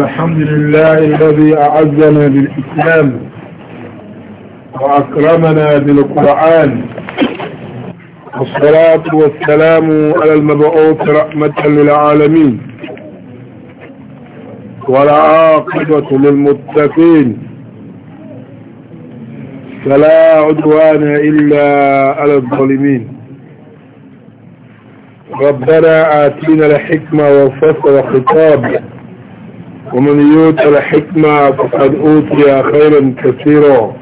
الحمد لله الذي أعزنا بالإسلام وأكرمنا بالقرآن والصلاة والسلام على المبعوث رحمة للعالمين والعاقبة للمتقين فلا عدوان إلا على الظالمين ربنا آتينا الحكمة وفصل خطابه ومن يوت الحكمة فقد أوتي خيرا كثيرا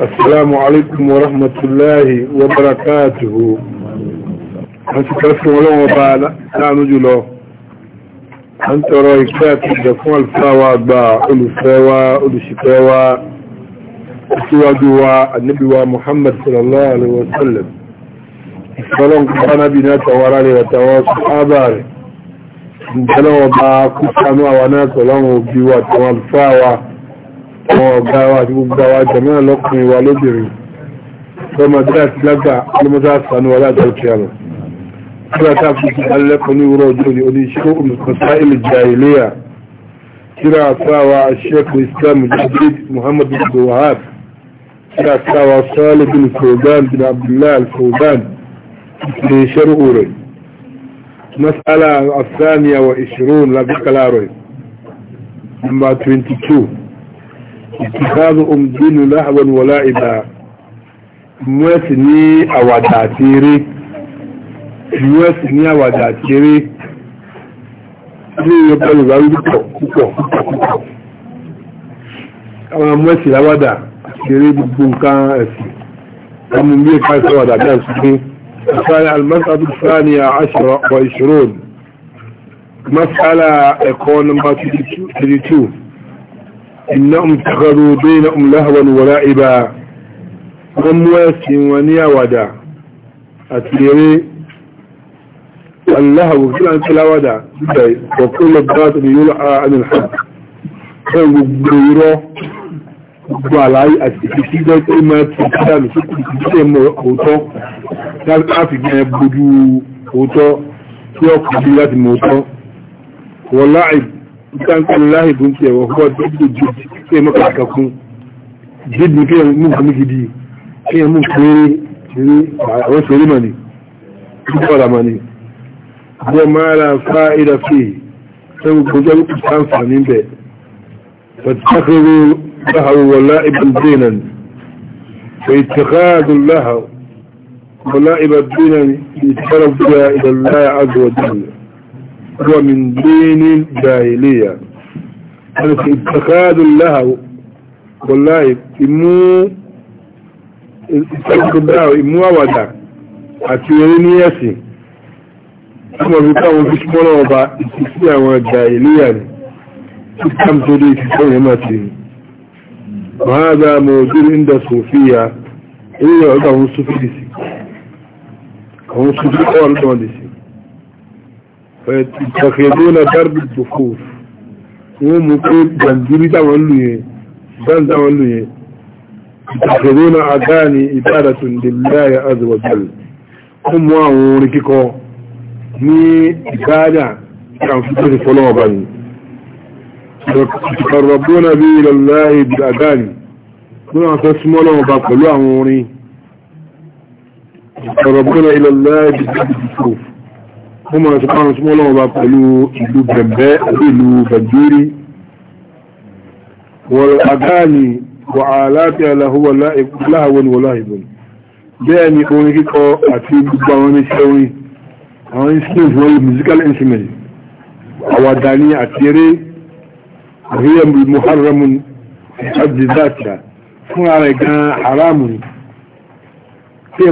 السلام عليكم ورحمة الله وبركاته أنتكسر الله وبعلا لا نجلو أنت رأيكات جفوا الفاوة با أولو فاوى أولو شفاوى أسواجوا النبي ومحمد صلى الله عليه وسلم السلام على نبينا توارى لتواصل آباره ìjọlọ́wọ́ bá kú sánú àwọn náà tọ́lọ́run òbí wa tí wọ́n fà wá àwọn ọ̀gá wa àti gbogbo àwọn àjọmọ́ ọlọ́kùnrin wa lóbìnrin tó máa dá sí lágbà alọ́mọdá sánú wa láti ọ̀kẹ́ àlọ́ kíra tá a fi ti alẹ́kọ̀ọ́ ní ìwúrọ̀ ọjọ́ ni oníṣẹ́ olùkọ́sá ilẹ̀ jàìlẹ́yà kíra fáwa sheikh islam jabir muhammad bin kíra fáwa sọ́ọ́lẹ̀ fòdán bin abdullahi fòdán ìṣẹ́rù òrẹ̀ مسألة الثانية وعشرون لذلك الأروي نمبر 22 اتخاذ أم دين لهوا ولعبا موسني أوداتيري موسني أوداتيري ní ìyọ̀pọ̀ ìgbàlú púpọ̀ púpọ̀ àwọn amúẹ̀sì láwádà àti eré gbogbo nǹkan ẹ̀sìn ọmọ ilé ìpàṣẹ àwàdà bí àṣìṣe الثانية المسألة الثانية عشرة وعشرون مسألة يكون ما تجتو إنهم تخذوا بينهم لهوا ولعبا ومواسي ونياودا أتيري اللهو كل أن تلاودا وكل الضغط يلعى عن الحق فهو بيرو gbogbo àlàyé àti ìfìsí gbẹ́gbẹ́ ìmọ̀ ẹ̀tì ìdánù tó kù ìdílé mọ̀ òótọ́ láti gbẹ̀ gbójú òótọ́ tí ó kù bí láti mọ̀ òótọ́ wọ́n láì ìtànkù láì bó ń tẹ̀ wọ́n fọ́ tó tó ju kí ẹ mọ́kà kankan jíde ní kí ẹ mú nǹkan gidi kí ẹ mú péré ṣeré àwọn ṣeré mà ní gbogbo ọ̀la mà ní bọ́ máa ra fa ìdàfẹ́ ṣẹ́gun gbogbo ọjọ́ ló sáǹfà níbẹ̀ له ولائبا دينا فاتخاذ الله ولائب دينا يتشرف بها إلى الله عز وجل هو من دين الجاهلية يعني في اتخاذ الله والله إمو اتخاذ الله إمو أودا أتيريني يسي ثم بكاو فيش مولوبا اتخاذ الجاهلية تتكمتو دي تتكلماتي وهذا موجود عند الصوفية إيه يقول لهم الصوفي ديسي هم الصوفي قوار لهم ديسي فيتخذون ضرب الدفوف wọ́n mú pé gbàndúrí dáwọn lù yẹn gbànd dáwọn lù yẹn ìtàkìrúnà àgáàni ìtàdàtún lèláyà azọ̀wọ̀jẹ́lù wọ́n mú àwọn orin kíkọ ní ìgbáàdà kí àwọn fífẹ́ fọ́lọ́wọ́ báyìí يتقربون به إلى الله بالأذان كنا تسمى لهم فقلوا أموري يتقربون إلى الله بالصوف هما سبحانه تسمى لهم فقلوا إلو بنباء إلو بنجيري والأذان وعالاتها لهو لهو ولاهب بأني أونيكي كو أتيب بواني شوي أوني سنوز وي musical instrument أوداني أتيري هي محرم في حد ذاتها fún ara ìgan haramu ni tí ẹ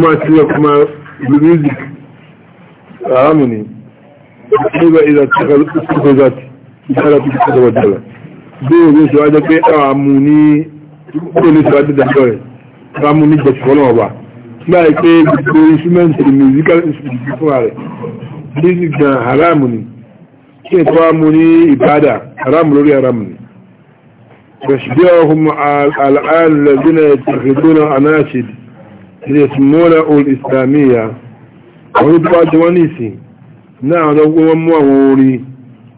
máa sí ọkùnmá ìlú music haramu ni nígbà ìlà tẹ́kọ̀ọ́sọ́tì ìdára tó ti kọ́sọ̀wọ̀ dára bí o ní ṣọ́wájọ́ pé àwọn mú ní kó ní ṣọ́wájọ́ dájọ́ rẹ̀ bá mú ní gbẹ̀sùkọ́ náà wà láì pé gbogbo instrument musical instrument fún ara music gan haramu ni kí ẹ̀ tó wá mú ní ìbádà haramu lórí haramu ni تشبيههم الآن الذين يتخذون أناشد يسمون الإسلامية ويبقى جوانيسي نعم لو أموهوري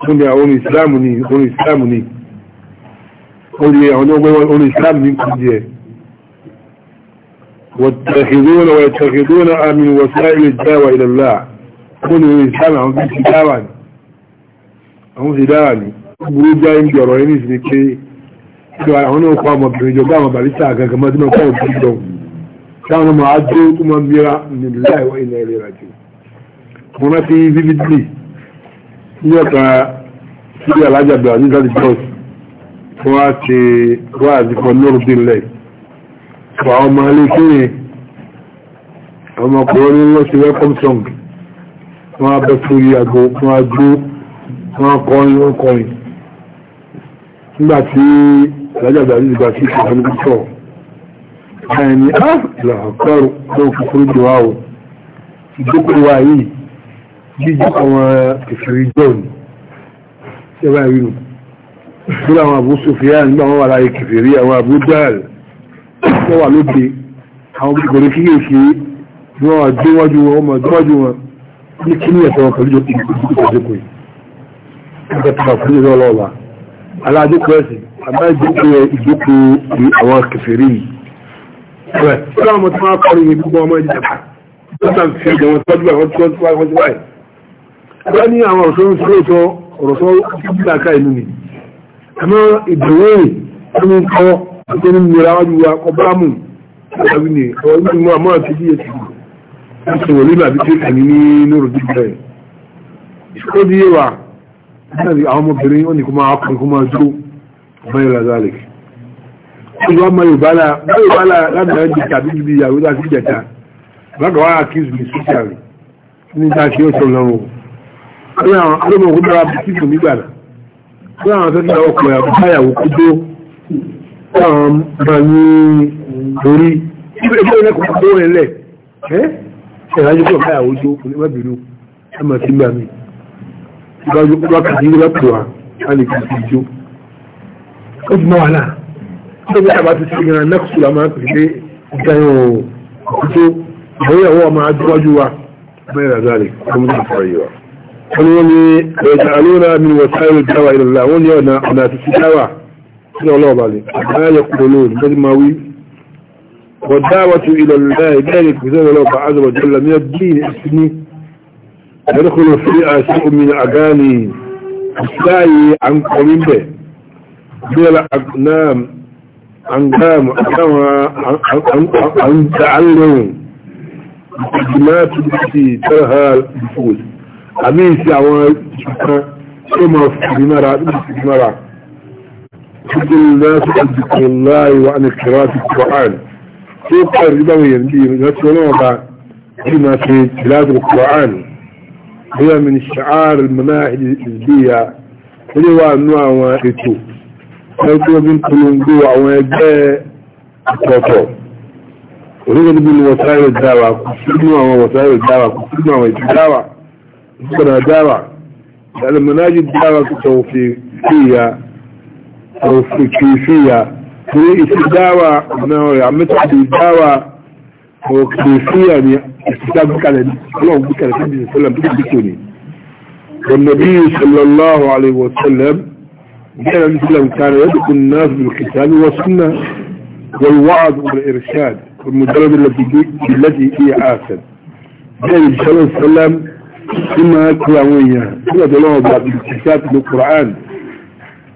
قل يا أولي إسلامني أولي إسلامني قل يا أولي إسلامني قل يا واتخذون ويتخذون من وسائل الدعوة إلى الله قل يا إسلام عن ذلك àwọn ti dára ní burú já ń bí ọ̀rọ̀ ẹni ìsinmi pé ìjọ àwọn náà kọ́ ọmọbìnrin ìjọba àwọn barista gangan mọ́ tí wọ́n kọ́ òbí lọ táwọn ọmọ adó tó máa ń bíra nílá ìwọ ilẹ̀ ilẹ̀ ìrajú mo rántí vividly ní ọ̀ka sí alájà bẹ̀rẹ̀ ní sáàdì jọ́s tí wọ́n á ṣe wá àdìpọ̀ lórúkọ ilẹ̀ fún àwọn ọmọ ilé kéré àwọn ọmọkùnrin lọ́sẹ̀ welcome song wọ́n á bẹ́ fún ìyàgò fún adó wọ́n kọrin wọ́n kọrin nígbà tí alájàgbà yìí gbà sí ìṣẹ̀lẹ̀ ní píṣọ̀ báyìí ni á lọ́kọ̀ọ́rù tó fi fún ìjọ wa o ìjókòó wa yìí jíjí àwọn ìfìrí john ṣe bá rí nù nígbà àwọn àbú sofiya nígbà wọn wà láyé kìfìrí àwọn àbú dáàl wọ́n wà lóde àwọn gbogbo kíkèké ni wọ́n wà déwájú wọn wọ́n mọ̀ déwájú wọn ní kí ni ẹ̀sọ́ wọn pẹ̀lú ìjókòó ìjókòó ìgbàtàkà fún ìlú ọlọ́ọ̀bà aláàdúkọ̀ ẹ̀sìn àbá ìjókòó ìjókòó àwọn kẹfẹ́rí yìí ẹ̀rẹ̀ tí wọ́n mọ̀ tí wọ́n kọrin yìí gbogbo ọmọ ìjọba tó tà fi ẹ̀jẹ̀ wọn tọ́jú àwọn tí wọ́n tí wọ́n ti wáyé ẹ̀rọ ní àwọn ọ̀rọ̀sọ́ ìṣòro ọ̀rọ̀sọ́ ìgbà ká ìlú ni àmọ́ ìdòwò ẹ̀mí kọ́ àti ẹni mìíràn wájú wa kọ níbi àwọn ọmọbìnrin ó ní kó máa kọ́ kó máa dúró bẹ́ẹ̀ lazalik ìjọba ọmọ yorùbá náà yorùbá náà lábẹ́ ẹ̀jẹ̀ tàbí ibi ìyàwó láti jẹta bákan wá accuse me socially ní ìta ṣe ó sọ lọ́rùn ó ní àwọn ọmọ ogun dára bí títù nígbà náà ó ní àwọn sọ́kìlá ọkọ̀ ìyàwó kó dó àwọn ọmọ ní orí ìgbẹ́ ìlẹ́kùn kó rẹ̀ lẹ̀ ẹ́ ẹ̀rájú pọ̀ káyàwó dó onímọ̀bìnrin ẹ̀ máa ti gbà mí wákàtí ní lọ́pọ̀ wa a lè kìí jó ó ti mọ́ wà náà ó bí àbá ti ṣe gan-an nẹ́kùsù la máa pè pé ìdáyọ̀ òkútó ìgbéyàwó ọmọ adúwájú wa bẹ́ẹ̀ rà rẹ̀ ọmọ ní ìfọ̀ yìí wa wọ́n ni wọ́n ni ẹ̀ta alóra mi wọ̀ sáyẹ̀ dáwà ìrọ̀lá wọ́n ni ọ̀nà ọ̀nà àti dáwà sí ọlọ́ọ̀bà يدخل فيها شيء من أغاني تلاقي عن قومين به من الأقنام عن قام عن تعلم التجمات التي ترها النفوس أمين سعوان كما في المرأة في المرأة تدل الناس عن ذكر الله وعن قراءة القرآن توقع الربوية التي نسلوها بما في تلاوة القرآن هي من الشعار المناهج الحزبية اللي هو أنواع وإتو يقول بالقلنجو وإجاء التوتو ورغد من وسائل الدعوة كسرنا وسائل الدعوة كسرنا وإتدعوة كسرنا دعوة لأن مناهج الدعوة توفيقية توفيقية في الدعوة أنه يعمل يعني الدعوة والنبي صلى الله عليه وسلم كان مثلهم الناس بالكتاب والسنة والوعد والإرشاد والمدرب الذي هي آسد جاي صلى الله عليه وسلم كما كلامية كما دلوه بعد الكتاب بالقرآن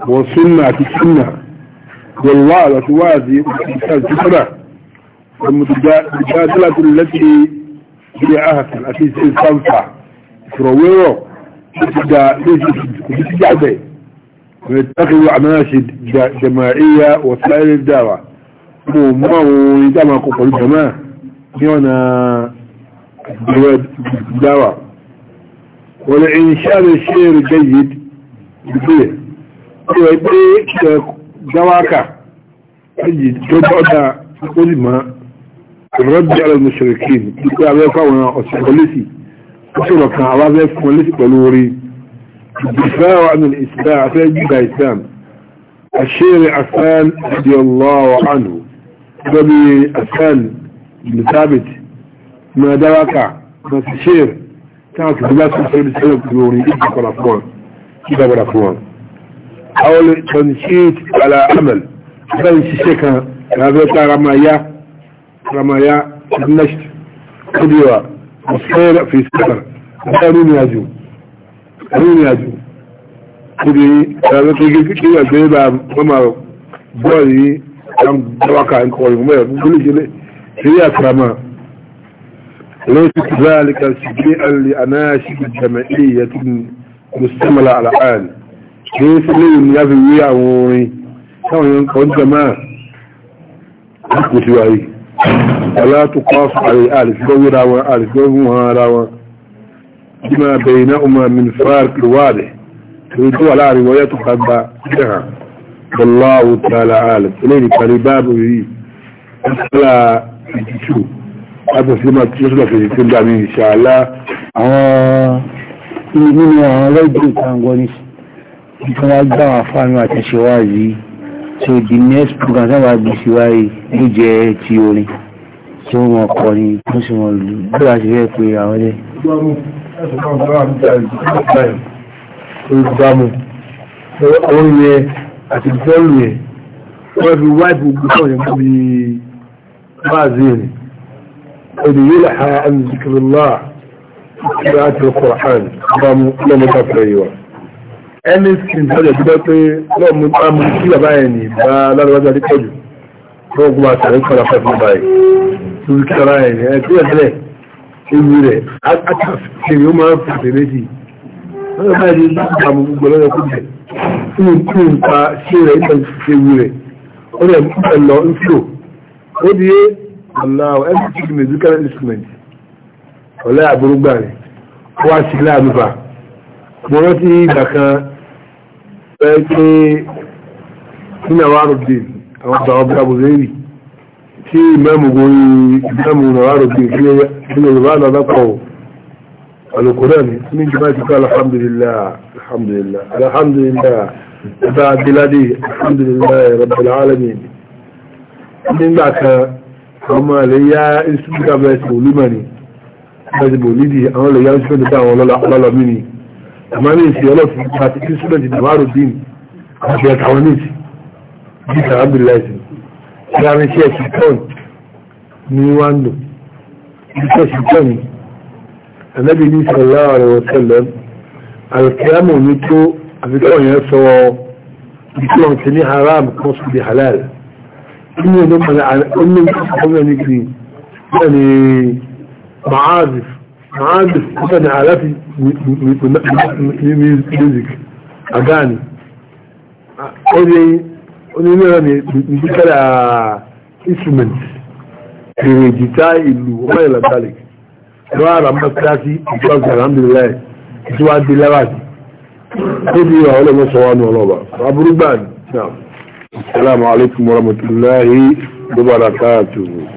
والسنة في السنة والوعد والوعد والإرشاد في المجادلة التي هي أهسن التي سنفع ترويرو تتجعبه ويتخذ عناشد جماعية وسائل الدعوة وما هو يدعم قبل الجماعة يونا الدعوة ولإنشاء الشير الجيد بيه يبقى دواكا جيد جدا ó sì máa ìrọ́jì alẹ́ mùsùlùmí nípa abẹ́ fáwọn ọ̀sẹ̀ pọ́lísì ó sọ̀rọ̀ kan àwọn abẹ́ fún pọ́lísì pẹ̀lú orí ìgbésẹ̀ àmì islam afẹ́ gbígba islam àṣírí asan radiyallahu anhu gọ́bí asan misabit na dáwàkà na sashir táwọn kìí bá sọ sọ́rọ̀ sọ́rọ̀ pẹ̀lú orí ìgbàkọ̀lá fún wọn رمايا النشت خديوة مصير في سفر أمين يازو أمين يازو kudi ẹ̀rọ tó gé kí ẹgbẹ́ bá mọ́mà bọ́ọ̀lù yìí kan dọ́wọ́ka nǹkan ọ̀rùn mẹ́rẹ̀ gúlù jẹ́lẹ̀ sírí àtàràmà lọ́sí kìláàlìkà sí gbé alì anáyàṣí ìjẹ̀mẹ̀ ìyẹ tí mùsùlùmọ̀lá àlàáàn ní sílé ìlú yá fi wí àwọn orin táwọn yẹn kan jẹ máa kò sí wáyìí ولا تقاس على ألف جورا وألف جورا بما بينهما من فارق واضح تريدوا على رواية قد بها والله تعالى عالم إليه قريباب به أسأل تشو هذا سيما تشغل في الكلام إن شاء الله nínú àwọn ọlọ́gbìn kan gọ́ni tí wọ́n gbà wà fáwọn àtẹ̀ṣẹ́wáyìí so the next program sábà gbé sí wáyé ló jẹ́ ti orin tí wọ́n kọ ní tó sì wọ́n lù bí wàá sì fẹ́ pé àwọn ẹ̀. olùdámọ̀ orin yẹn àti ìfẹ́rù yẹn wọ́n fi wáìpù gbogbo ọ̀yẹ́ ẹni sin tọ́jọ̀ gbígbẹ́ pé lọ́mú àmú sí bàbá ẹ̀ ní bá lọ́dọ̀wọ́dọ̀ adékọ̀jù rọ́gùn wa tẹ̀lé kọ́ra fẹ́ fún báyìí lórí kíkọ́ra ẹ̀ ní ẹ̀ tíyẹ̀ tẹ́lẹ̀ ewu rẹ̀ àtàkìrì ó máa ń fò tẹ̀lé sí lọ́dọ̀ báyìí ní àmú gbogbo lọ́dọ̀ kú jẹ kí n kí n pa ṣé rẹ̀ ìtàn ṣe ewu rẹ̀ ó rẹ̀ ń pẹ̀ lọ ń fò ó di é aláwọ̀ ẹ̀ sì ti musical instrument ọ̀lẹ́ àbúrúgbà rẹ̀ ó wá sí láàbùbà mo rántí ìgbà kan bẹ́ẹ̀ pé nínú àwọn àròdè àwọn ọ̀dọ̀ ọ̀bẹ àbòrẹ́rì tí ìmẹ́mù gorí ìmẹ́mù àwọn àròdè ìpínlẹ̀ yorùbá lọ́dọ́pọ̀ alùkùnrin ní ìjọba ti kọ́ alhamdulillah alhamdulillah alhamdulillah ọba abiladi alhamdulillah rabbil alamin nígbà kan ọmọ rẹ̀ yá ìsúkúta bẹ́ẹ̀ ti bòlúmọ̀ ni bẹ́ẹ̀ ti bòlídìí àwọn lè yá ìsúkúta àwọn ọlọ́lọ́mí ni في في في سيولوس هاتيكي سورة جنبار الدين هاتي أتعوانيس جيسا عبد الله سيولوس سيامي سيا شيطان نيواندو جيسا شيطان النبي صلى الله عليه وسلم الكلام ونيتو أفكرون ينسوا يقول لهم سني حرام كوسك دي حلال إني نمنا أمي نمنا نمنا نمنا يعني معازف عاد مثلا علافي ميوزك أغاني أولي أولي ميراني بكلا instrument èrè jìtá ìlú ọmọ ìlà dalek lọ́wọ́ àrà máa kíláàsì ìjọba alhamdulilayi tí wàá di lẹ́wàdì tó di ìwà ọlọ́mọ sọ̀wọ́ ní ọlọ́ba aburú gbà ní. asalaamualeykum wa rahmatulahi wa barakatuhu.